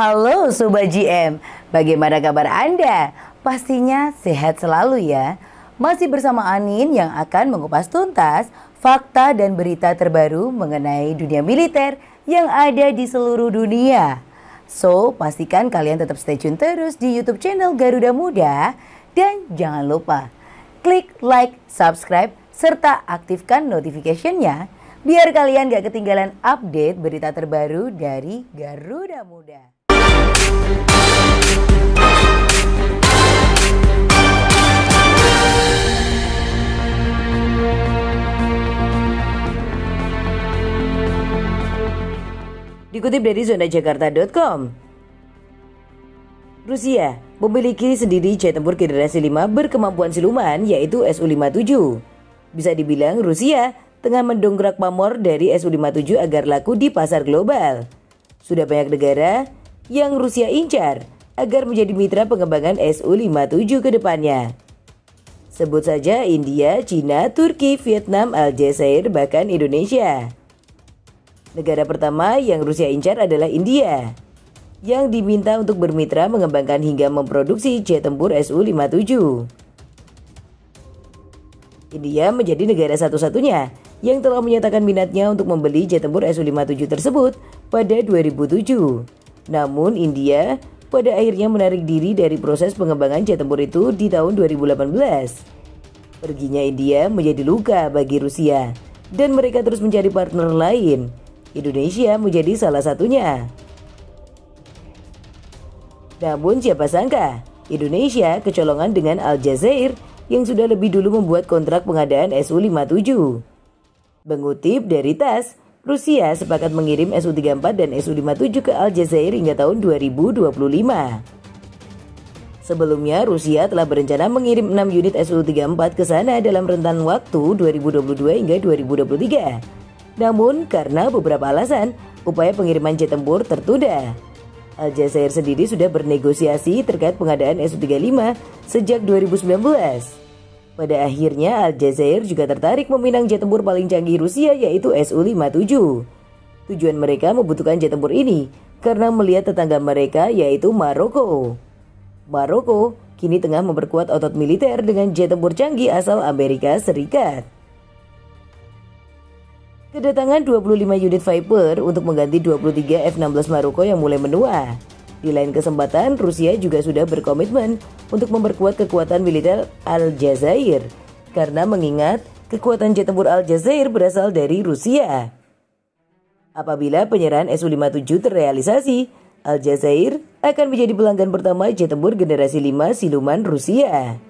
Halo Sobat GM, bagaimana kabar Anda? Pastinya sehat selalu ya. Masih bersama Anin yang akan mengupas tuntas fakta dan berita terbaru mengenai dunia militer yang ada di seluruh dunia. So, pastikan kalian tetap stay tune terus di YouTube channel Garuda Muda dan jangan lupa klik like, subscribe, serta aktifkan notification biar kalian gak ketinggalan update berita terbaru dari Garuda Muda. Dikutip dari zonajakarta.com, Rusia memiliki sendiri jet tempur generasi 5 berkemampuan siluman yaitu Su-57. Bisa dibilang Rusia tengah mendongkrak pamor dari Su-57 agar laku di pasar global. Sudah banyak negara yang Rusia incar agar menjadi mitra pengembangan Su-57 ke depannya. Sebut saja India, China, Turki, Vietnam, Aljazair, bahkan Indonesia. Negara pertama yang Rusia incar adalah India, yang diminta untuk bermitra mengembangkan hingga memproduksi jet tempur Su-57. India menjadi negara satu-satunya yang telah menyatakan minatnya untuk membeli jet tempur Su-57 tersebut pada 2007. Namun India pada akhirnya menarik diri dari proses pengembangan jet tempur itu di tahun 2018. Perginya India menjadi luka bagi Rusia dan mereka terus mencari partner lain. Indonesia menjadi salah satunya. Namun siapa sangka, Indonesia kecolongan dengan Al Aljazair yang sudah lebih dulu membuat kontrak pengadaan Su-57. Mengutip dari TAS, Rusia sepakat mengirim Su-34 dan Su-57 ke Aljazair hingga tahun 2025. Sebelumnya, Rusia telah berencana mengirim 6 unit Su-34 ke sana dalam rentan waktu 2022 hingga 2023. Namun, karena beberapa alasan, upaya pengiriman jet tempur tertunda. Aljazair sendiri sudah bernegosiasi terkait pengadaan Su-35 sejak 2019. Pada akhirnya Aljazair juga tertarik meminang jet tempur paling canggih Rusia yaitu Su-57. Tujuan mereka membutuhkan jet tempur ini karena melihat tetangga mereka yaitu Maroko. Maroko kini tengah memperkuat otot militer dengan jet tempur canggih asal Amerika Serikat. Kedatangan 25 unit Viper untuk mengganti 23 F-16 Maroko yang mulai menua di lain kesempatan, Rusia juga sudah berkomitmen untuk memperkuat kekuatan militer Aljazair karena mengingat kekuatan jet tempur Aljazair berasal dari Rusia. Apabila penyerahan Su-57 terrealisasi, Aljazair akan menjadi pelanggan pertama jet tempur generasi 5 siluman Rusia.